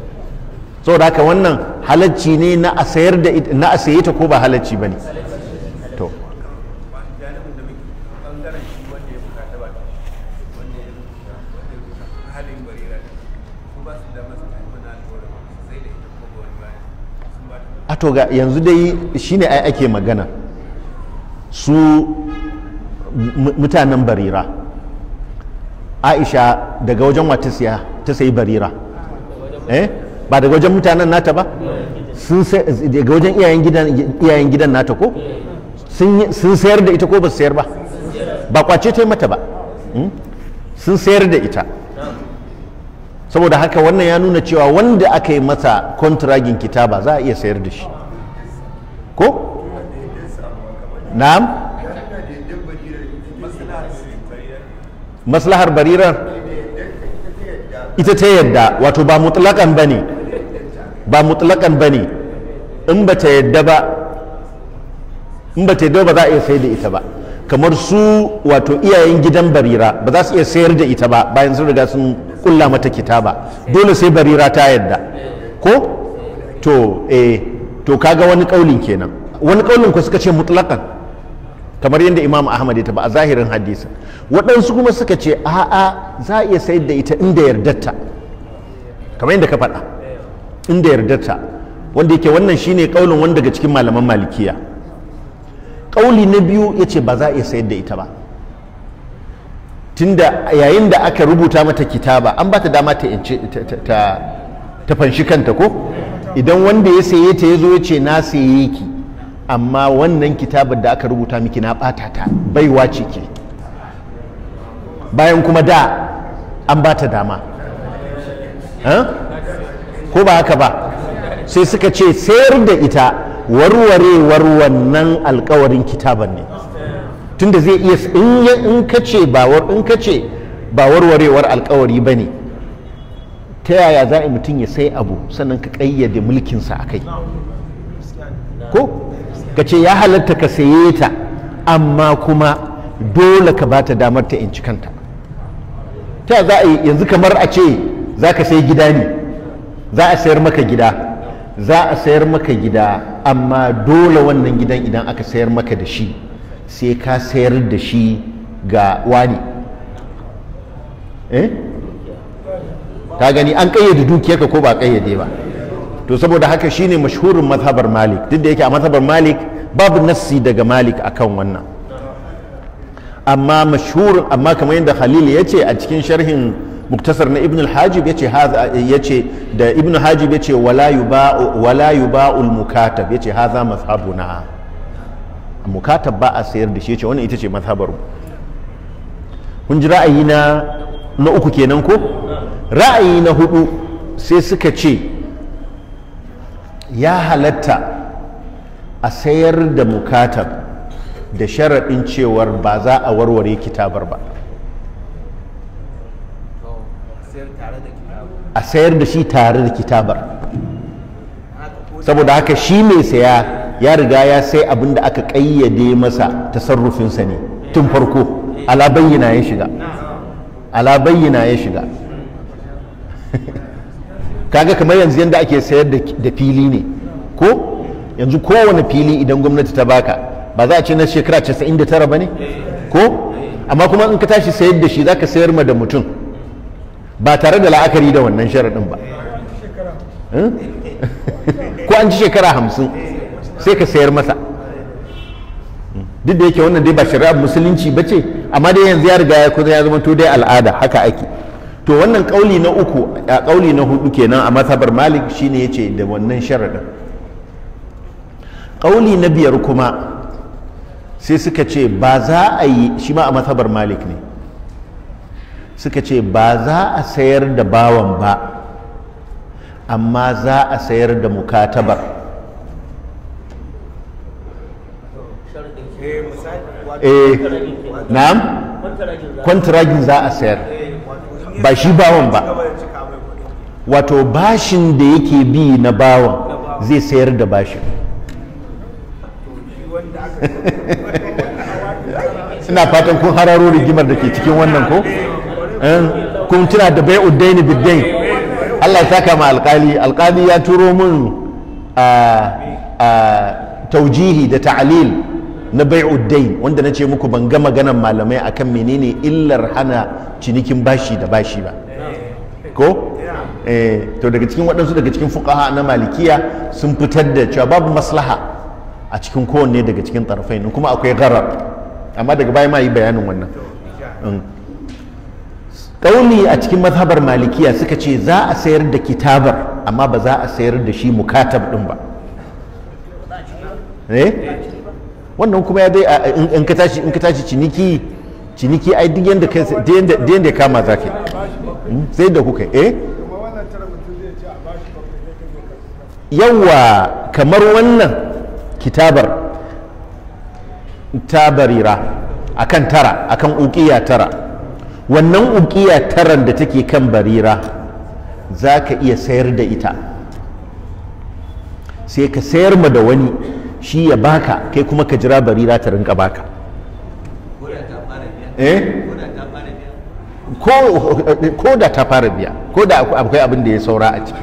saboda haka wannan halacci ne na a sayar da na ta ko ba halacci bane to ga yanzu dai shine ai ake magana su mutanen barira aisha daga wajen watisiya ta sayi barira eh ba daga wajen mutanen nata ba sun daga wajen iyayen gidan nata ko sun sayar da ita ko ba su sayar ba ba kwace ta yi mata ba hmm? sun sayar da ita saboda haka wannan ya nuna cewa wanda aka yi masa kontragin kitaba za a iya sayar da shi ko na'am maslahar barirar ita ta yadda wato ba mutlakan ba ne ba mutlakan ba ne in ba ta yadda ba in ba ta yadda ba za a iya sayar da ita ba kamar su wato iyayen gidan barira ba za su iya sayar da ita ba bayan sun riga sun kulla mata kitaba dole sai barira ta yadda ko to eh to kaga wani kaulin kenan wani kaulin ku suka ce mutlaqan kamar yadda imam ahmad ya taba a zahirin hadisin waɗansu kuma suka ce a'a za a iya sayar da ita inda yardarta kamar yadda ka faɗa inda yardarta wanda yake wannan shine kaulin wanda daga cikin malaman malikiya kauli na biyu ya ce ba za a iya sayar da ita ba tunda yayin da aka rubuta mata kitaba an ba ta dama ta ta fanshi kanta ko idan wanda ya saye ta ya zo ya ce na saye ki amma wannan kitabar da aka rubuta miki na ɓata ta baiwa ce ke bayan kuma da an ba ta dama ko ba haka ba sai suka ce sayar da ita warwarewar wannan alkawarin kitabar ne tunda zai iya in ka kace ba warwarewar alkawari ba ne ta yaya za a mutum ya sai abu sannan ka ƙayyade mulkinsa a kai ko ka ce ya halatta ka saye ta amma kuma dole ka bata damar ta in kanta ta za a yanzu kamar a ce za ka sai gida ne za a sayar maka gida za a sayar maka gida amma dole wannan gidan idan aka sayar maka da shi sai ka sayar da shi ga wani eh ka gani an kayyade dukiyarka ko ba kayyade ba to saboda haka shine mashhurin mazhabar malik duk da yake a mazhabar malik babu nassi daga malik akan wannan amma mashhurin amma kamar yadda khalil ya ce a cikin sharhin muktasar na ibn al-hajib ya ce yace da ibn hajib ya ce wala ba'ul wala mukatab ya ce haza mazhabuna mukatab ba a sayar da shi yace wannan ita ce mazhabar kun ji ra'ayi na na uku kenan ko ra'ayi na hudu sai suka ce ya halatta a sayar da mukatab da sharaɗin cewar ba za a warware kitabar ba a sayar da shi tare da kitabar saboda haka shi mai saya ya riga ya sai abin da aka ƙayyade masa tasarrufinsa ne tun farko ala bayyana ya shiga ala bayyana ya shiga kaga kamar yanzu yadda ake sayar da fili ne ko yanzu kowane fili idan gwamnati ta baka ba za a ce na shekara 99 ba ne ko amma kuma in ka tashi sayar da shi za ka sayar ma da mutum ba tare da la'akari da wannan sharaɗin ba hmm? ko an ci shekara hamsin sai ka sayar masa duk da yake wannan dai ba shari'ar musulunci ba ce amma dai yanzu ya riga ya kusa ya zama to dai al'ada haka ake to wannan kauli na uku a kauli na hudu kenan a mazhabar malik shine yace da wannan sharadin kauli na biyar kuma sai suka ce ba za a yi shi ma a masabar malik ne suka ce ba za a sayar da bawan ba amma za a sayar da mukatabar eh na'am kwantiragin za a sayar ba shi bawan ba wato bashin da yake bi na bawan zai sayar da bashin ina fatan kun hararo rigimar da ke cikin wannan ko eh, kun tuna da bai uddaini biddain Allah ya saka ma alkali alkali ya turo min a ah, ah, taujihi da ta'alil na bai bai'uddain wanda na ce muku ban ga maganan malamai akan menene illar hana cinikin bashi da bashi ba ko eh, to daga cikin waɗansu daga cikin fuqaha na malikiya sun fitar da cewa babu maslaha a cikin kowanne daga cikin tsarfai kuma akwai gharar amma daga baya ma yi bayanin wannan ƙauni mm. a cikin mazhabar malikiya suka ce za a sayar da kitabar amma ba za a sayar da shi mukatab ɗin ba eh? wannan kuma ya dai in ka tashi in ka tashi ciniki ciniki ai duk yanda kai duk yanda da yanda kama zaka hmm? sai da kuka eh yawa kamar wannan kitabar tabarira akan tara akan ukiya tara wannan ukiya taran da take kan barira za ka iya sayar da ita sai ka sayar ma da wani shi ya baka kai kuma ka jira barira ta rinka baka eh? ko da ta fara biya ko da akwai abin da ya saura a ciki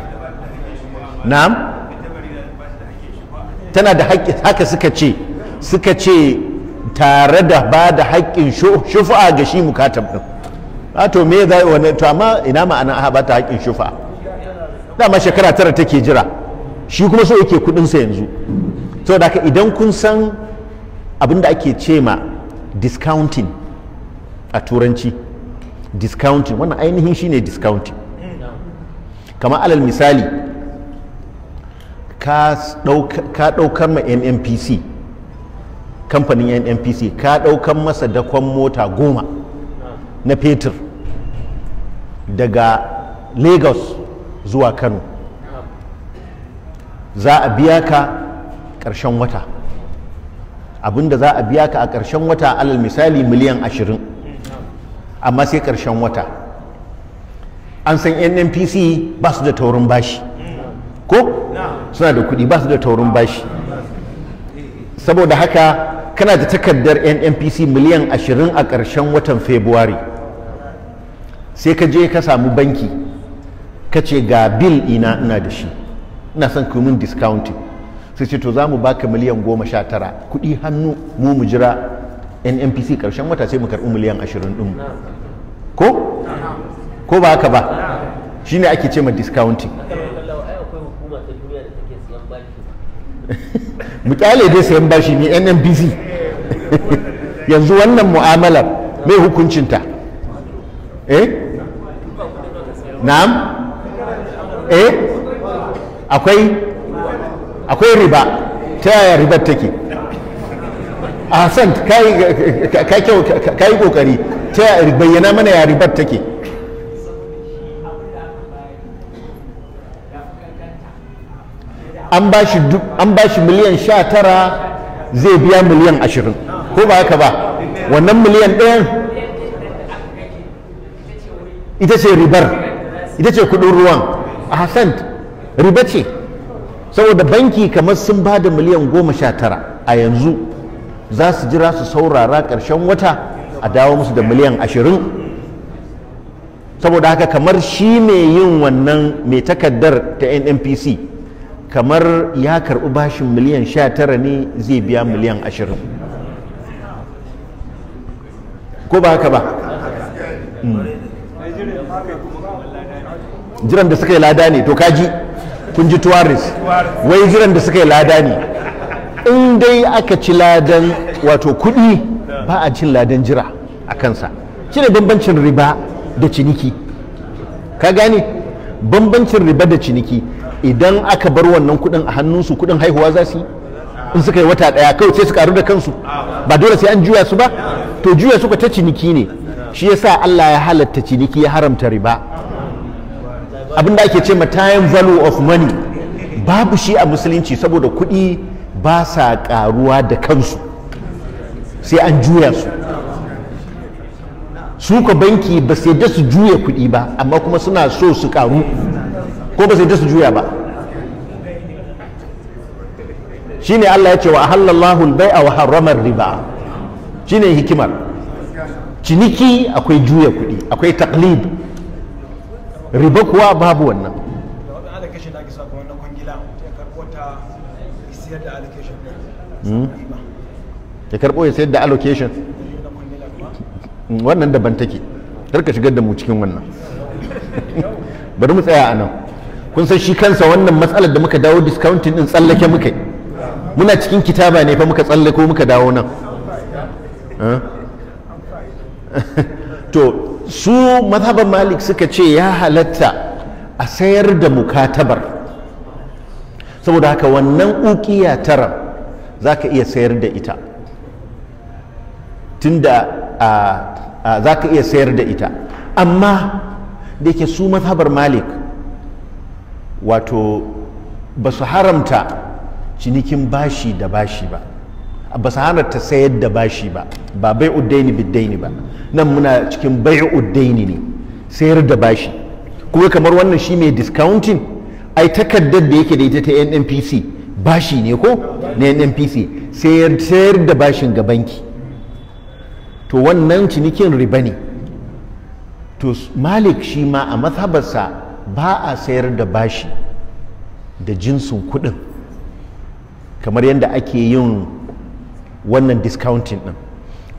na'am tana da haƙƙi haka suka ce suka ce tare da ba da haƙƙin shufa'a ga shi mukatab din a to me ya zai wani to amma ina ma'ana a ba ta haƙƙin shufa'a dama shekara tara take jira shi kuma so yake kuɗinsa yanzu to da idan kun san abin da ake ce ma discounting a turanci discounting wannan ainihin shine discounting kamar alal misali ka ɗaukar ma nnpc kamfanin nnpc ka ɗaukar masa dakon mota goma na fetur daga lagos zuwa kano za a biya ka ƙarshen wata abinda za a biya ka a ƙarshen wata alal misali miliyan ashirin amma sai ƙarshen wata an san nnpc ba su da taurin bashi ko suna da kuɗi ba su da taurin bashi saboda haka kana da takardar nnpc miliyan ashirin a ƙarshen watan february sai ka je ka samu banki ka ce ga bil ina ina da shi ina son kumin discounting sai ce to za mu baka miliyan goma sha tara kuɗi hannu mu mu jira nnpc karshen wata sai mu karɓi miliyan ashirin ɗin ko ko ba haka ba shine ake ce ma discounting mu kyale dai sayan bashi ne nnpc yanzu wannan mu'amalar mai hukuncinta eh na'am eh akwai akwai riba ta yaya ribar take a ka yi kokari ta yaya bayyana mana ya ribar take an ba shi miliyan sha tara zai biya miliyan ashirin ko ba haka ba wannan miliyan ɗayan ita ce ribar ita ce kudin ruwan a hassan riba ce saboda banki kamar sun ba da miliyan goma sha tara a yanzu za su jira su saurara ƙarshen wata a dawo musu da miliyan ashirin saboda haka kamar shi mai yin wannan mai takaddar ta nnpc kamar ya karɓi bashin miliyan sha tara ne zai biya miliyan ashirin ko ba haka ba hmm. jiran da suka yi lada ne to kaji kun ji tuwaris wai jiran da suka yi lada ne in dai aka ci ladan wato kuɗi ba a cin ladan jira a kansa shi bambancin riba da ciniki ka gane bambancin riba da ciniki idan aka bar wannan kuɗin a hannunsu kuɗin haihuwa za su yi in suka yi wata ɗaya kawai sai su karu da kansu ba dole sai an juya su ba to juya suka ta ciniki ne shi yasa Allah ya halatta ciniki ya haramta riba abinda ake ce ma time value of money babu shi a musulunci saboda kuɗi ba sa ƙaruwa da kansu sai an juya su su ka banki ba sai da su juya kuɗi ba amma kuma suna so su ƙaru ko ba sai da su juya ba shine Allah ya ce wa halallahu al-bai'a wa harrama riba shine hikimar ciniki akwai juya kuɗi akwai taklid riba kuwa babu wannan hmm? ya karɓo ya sayar da allocation hmm, wannan daban take karka shigar da mu cikin wannan bari mu tsaya a nan kun san shi kansa wannan matsalar da muka dawo discounting din tsallake muka muna cikin kitaba ne fa muka tsallako muka dawo nan to su mazhaban malik suka ce ya halatta a sayar da mukatabar saboda haka wannan ukiya tara za ka iya sayar da ita tunda za ka iya sayar da ita amma da yake su mazhabar malik wato ba su haramta cinikin bashi da bashi ba ba su hana ta sayar da bashi ba ba bai uddaini biddaini ba nan muna cikin bai uddaini ne sayar da bashi kuma kamar wannan shi mai discounting ai takardar da yake da ita ta nnpc bashi ne ko na nnpc sayar da bashin ga banki to wannan cinikin riba ne to malik shi ma a mazhabarsa ba a sayar da bashi da jinsin kuɗin kamar yadda ake yin wannan discounting ɗin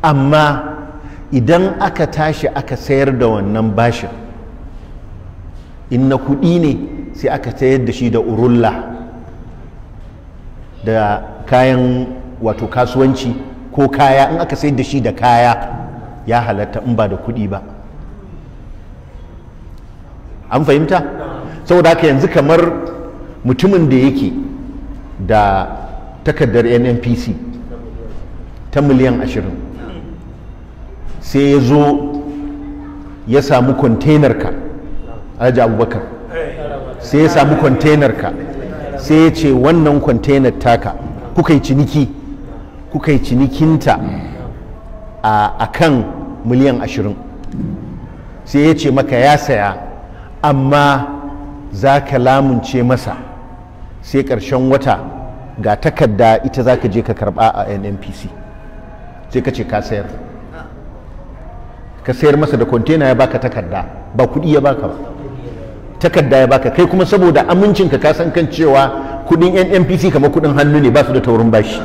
amma idan aka tashi aka sayar da wannan bashin in na kuɗi ne sai aka sayar da shi da urulla da kayan wato kasuwanci ko kaya in aka sayar da shi da kaya ya halatta in ba da kuɗi ba an fahimta saboda haka yanzu kamar mutumin da yake da takardar nnpc ta miliyan ashirin sai ya zo ya samu kwantainar alhaji abubakar sai ya samu kwantainar ka sai ya ce wannan kwantainar taka kuka yi ciniki kuka yi cinikinta a kan miliyan ashirin sai ya ce maka ya saya amma za ka lamunce masa sai ƙarshen wata ga takarda ita za ka je ka karba a nnpc sai ka ce ka sayar ka sayar masa da kwantena ya baka takarda ba kudi ya baka ba takarda ya baka kai kuma saboda amincinka ka san kan cewa kuɗin NNPC kamar kuɗin hannu ne ba su da taurin bashi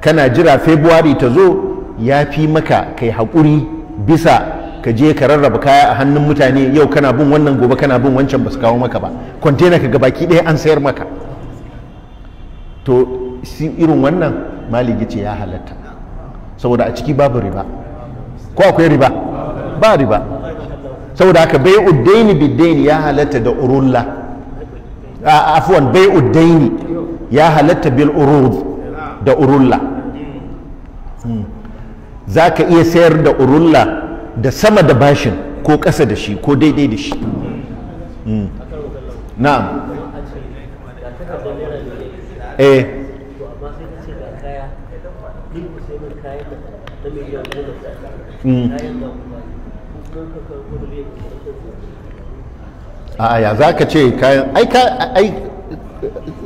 kana jira February ta zo ya fi maka kai haƙuri bisa ka je ka rarraba kaya a hannun mutane yau kana bin wannan gobe kana bin wancan ba su kawo maka ba kwantena ka gabaki ɗaya an sayar maka to irin wannan maligi ce ya halatta saboda a ciki babu riba ko akwai riba ba riba saboda haka bai uddaini biddaini ya halatta da urulla afuwan bai uddaini ya halatta bil urud da urulla hmm. za ka iya sayar da urulla da sama da bashin ko ƙasa da shi ko daidai da shi hmm. na'am eh Mm. aya za ka ce kayan ai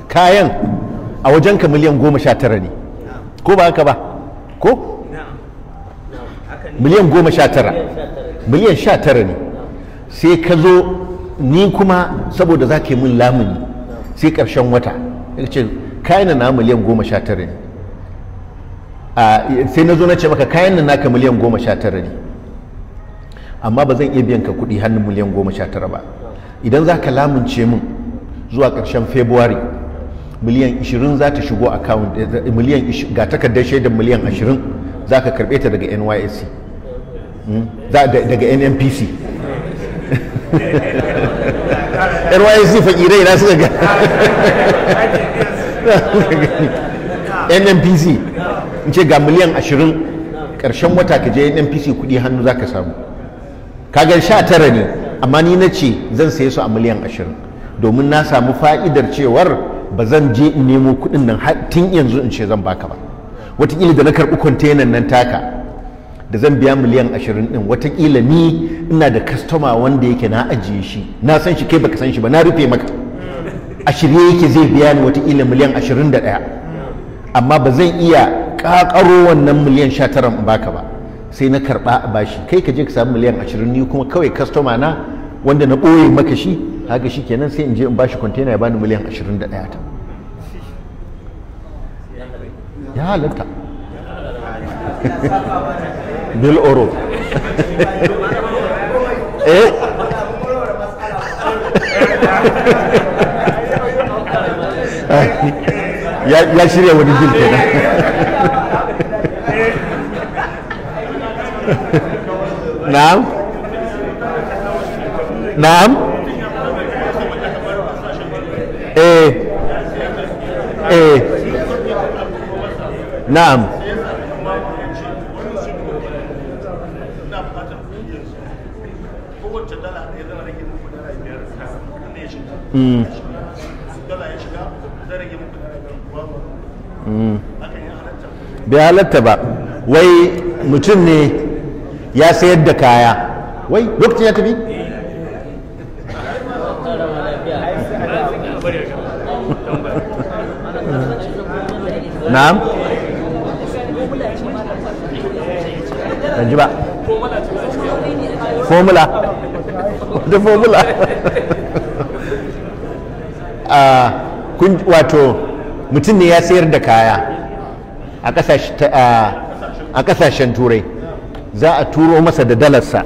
kayan a wajen ka miliyan goma sha tara ne ko ba haka ba ko miliyan goma sha tara miliyan sha tara ne sai ka zo ni kuma saboda za ka yi min lamuni sai ƙarshen wata ya ce kayan na miliyan goma sha tara ne sai na zo na ce maka kayan nan naka miliyan goma sha tara ne amma ba zan iya biyan ka kuɗi hannun miliyan goma sha tara ba idan za ka lamunce min zuwa ƙarshen february miliyan 20 za ta shigo account eh, miliyan ga takardar shaidar miliyan 20 za ka karɓe ta daga nysc hmm? daga nnpc nysc fakirai na suka ga nnpc in ce ga miliyan ashirin karshen wata ka je NPC kuɗi hannu za ka samu kaga sha tara ne amma ni na ce zan saye su a miliyan ashirin domin na samu fa'idar cewar ba zan je in nemo kuɗin nan tun yanzu in ce zan baka ba watakila da na karɓi kwantenan nan taka da zan biya miliyan ashirin ɗin watakila ni ina da kastoma wanda yake na ajiye shi na san shi kai baka san shi ba na rufe maka a shirye yake zai biya ni watakila miliyan ashirin da ɗaya amma ba zan iya ƙaƙaro wannan miliyan sha tara in baka ba sai na karɓa a bashi kai ka je ka samu miliyan ashirin ni kuma kawai kastoma na wanda na ɓoye maka shi haka shi kenan sai in je in bashi kwantena ya bani miliyan ashirin da ɗaya ta ya halatta bil oro eh ya shirya wani jil eh. kenan na'am na'am eh eh na'am Mm. bai halatta ba wai mutum ne ya sayar da kaya wai lokacin ya tafi na'am ban ji ba formula da formula ah, wato mutum ne ya sayar da kaya a kasashen turai za a turo masa da dalarsa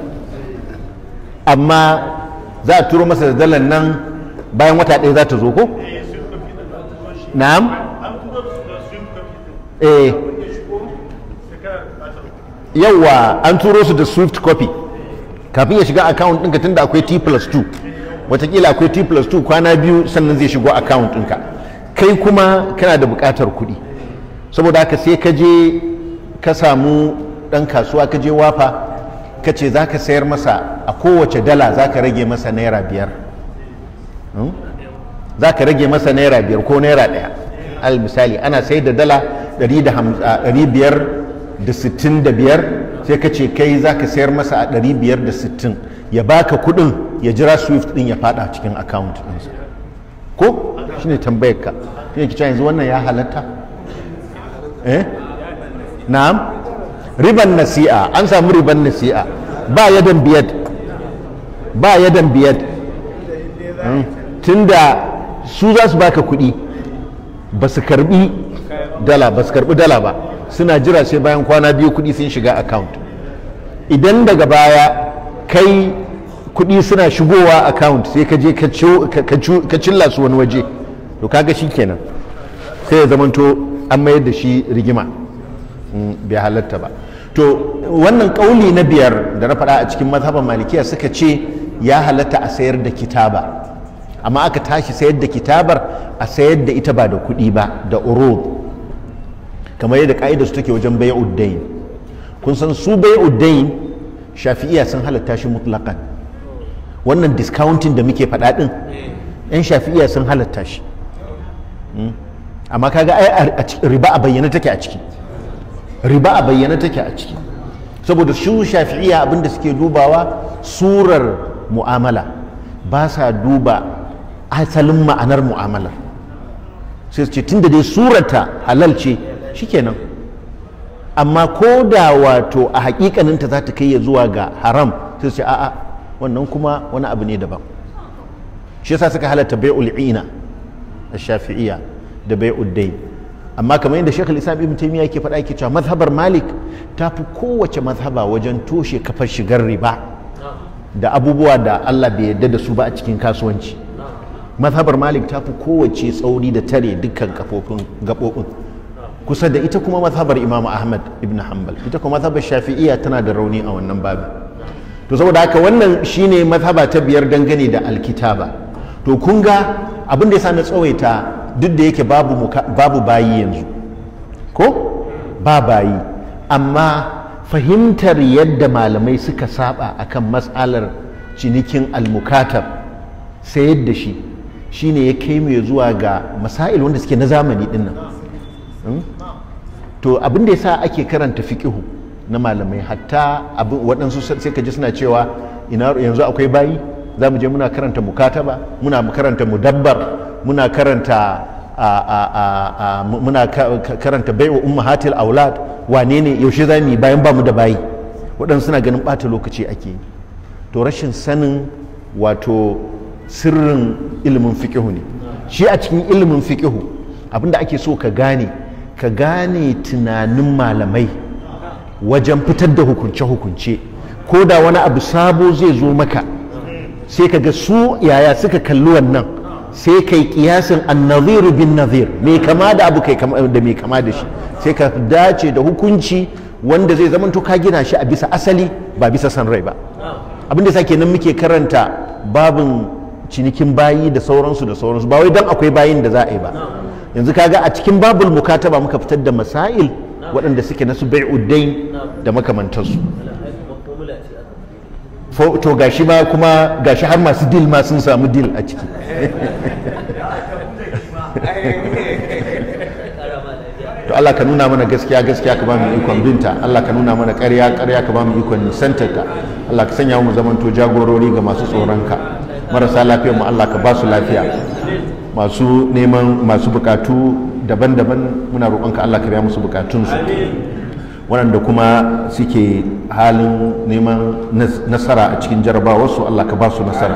amma za a turo masa da dalar nan bayan wata ɗaya za ta zo ko? na'am? eh yauwa an turo su da swift copy kafin ya shiga account ɗinka tunda akwai t plus 2 watakila akwai t plus 2 kwana biyu sannan zai shigo account ɗinka kai kuma kana da buƙatar kuɗi saboda haka sai ka je ka samu ɗan kasuwa ka je wafa ka ce za ka sayar masa a kowace dala za ka rage masa naira biyar hmm? za ka rage masa naira biyar ko naira ɗaya al misali ana sayar da dala biyar sai ka ce kai za ka sayar masa a 560 ya baka kuɗin ya jira swift ɗin ya faɗa cikin account ɗinsa ko shine tambayar ka shine yanzu wannan ya halatta eh na'am riban nasi'a an samu riban nasi'a ba yadan biyad ba yadan biyad hmm? tunda su za su baka kuɗi ba su karbi dala ba su karbi dala ba suna jira sai bayan kwana biyu kuɗi sun shiga account idan daga baya kai kuɗi suna shigowa account sai ka je ka cilla su wani waje to kaga kenan sai ya zamanto an mayar da shi rigima mm, bai halatta ba to wannan kauli na biyar da na faɗa a cikin mazhaban malikiya suka ce ya halatta a sayar da kitaba amma aka tashi sayar da kitabar a sayar da ita ba da kuɗi ba da urud kamar yadda ka'idar su take wajen bai uddain kun san su bai uddain shafi'iya sun halatta shi mutlakan wannan discounting da muke faɗa ɗin 'yan eh. shafi'iya sun halatta shi mm. amma kaga ai riba a bayyana take a ciki riba a bayyana take a ciki saboda su shafi'iya abinda suke dubawa surar mu'amala ba sa duba asalin ma'anar mu'amala sai ce da dai surata halal ce shikenan amma ko da wato a hakikaninta za ta kai ya zuwa ga haram sai ce a'a wannan kuma wani abu ne daban shi yasa suka halatta bai'ul ina a shafi'iya da bai uddai amma kamar yadda shekul isa ibn taimiyya ke faɗa yake cewa mazhabar malik ta fi kowace mazhaba wajen toshe kafar shigar riba da abubuwa da allah bai yadda da su ba a cikin kasuwanci mazhabar malik ta fi kowace tsauri da tare dukkan kafofin gaɓoɓin kusa da ita kuma mazhabar imam ahmad ibn hanbal ita kuma mazhabar shafi'iyya tana da rauni a wannan babu to saboda haka wannan shine mazhaba ta biyar dangane da alkitaba to kun ga abin da ya sa na tsawaita duk da yake babu bayi yanzu ko ba bayi amma fahimtar yadda malamai suka saba akan matsalar cinikin almukatab sayar da shi shine ya kai mu zuwa ga masail wanda suke na zamani dinnan hmm? to abin da yasa ake karanta fiqihu na malamai hatta abin waɗansu sai ka ji suna cewa ina yanzu akwai bayi za mu je muna karanta mukataba muna karanta mudabbar muna karanta muna karanta Umma Hatil aulad wane ne yaushe za mu bayan ba mu da bayi waɗansu suna ganin ɓata lokaci ake to rashin sanin wato sirrin ilimin fiƙihu ne shi a cikin ilimin fiƙihu abinda ake so ka gane ka gane tunanin malamai wajen fitar da hukunce-hukunce ko da wani abu sabo zai zo maka sai ka ga su yaya suka kalli wannan sai kai kiyasin annaziru bin nazir mai kama da abu kai da mai kama da shi sai ka dace da hukunci wanda zai zamanto ka gina shi a bisa asali ba bisa san rai ba abin da sake nan muke karanta babin cinikin bayi da sauransu da sauransu ba wai dan akwai bayin da za a yi ba yanzu kaga a cikin babul mukataba muka fitar da masail waɗanda suke na su bai'uddain da makamantansu to gashi ma kuma gashi har masu dil ma sun samu dil a ciki to Allah ka nuna mana gaskiya gaskiya ka ba mu ikon binta Allah ka nuna mana ƙarya ƙarya ka ba mu ikon nisantarta Allah ka sanya mu zamanto jagorori ga masu tsoronka marasa lafiyar mu Allah ka ba su lafiya masu neman masu bukatu daban-daban muna roƙonka Allah ka biya musu bukatunsu waɗanda kuma suke halin neman nasara a cikin wasu Allah ka ba su nasara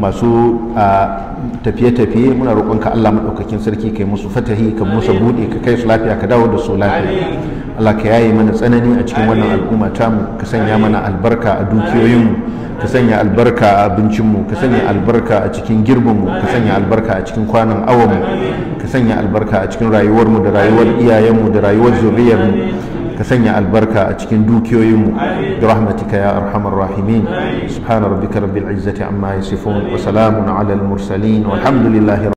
masu tafiye-tafiye muna roƙonka Allah maɗaukakin sarki kai musu fatahi ka musu buɗe ka kai su lafiya ka dawo da su lafiya Allah ka yaye mana tsanani a cikin wannan al'umma mu, ka sanya mana albarka a dukiyoyinmu ka sanya albarka a abincinmu ka sanya albarka a cikin girbinmu ka sanya albarka a cikin kwanan awonmu ka sanya albarka a cikin rayuwarmu da rayuwar iyayenmu da rayuwar zuriyarmu ka sanya albarka a cikin dukiyoyinmu bi rahmatika ya arhamar rahimin subhana rabbika rabbil izzati amma yasifun wa salamun ala al mursalin walhamdulillahi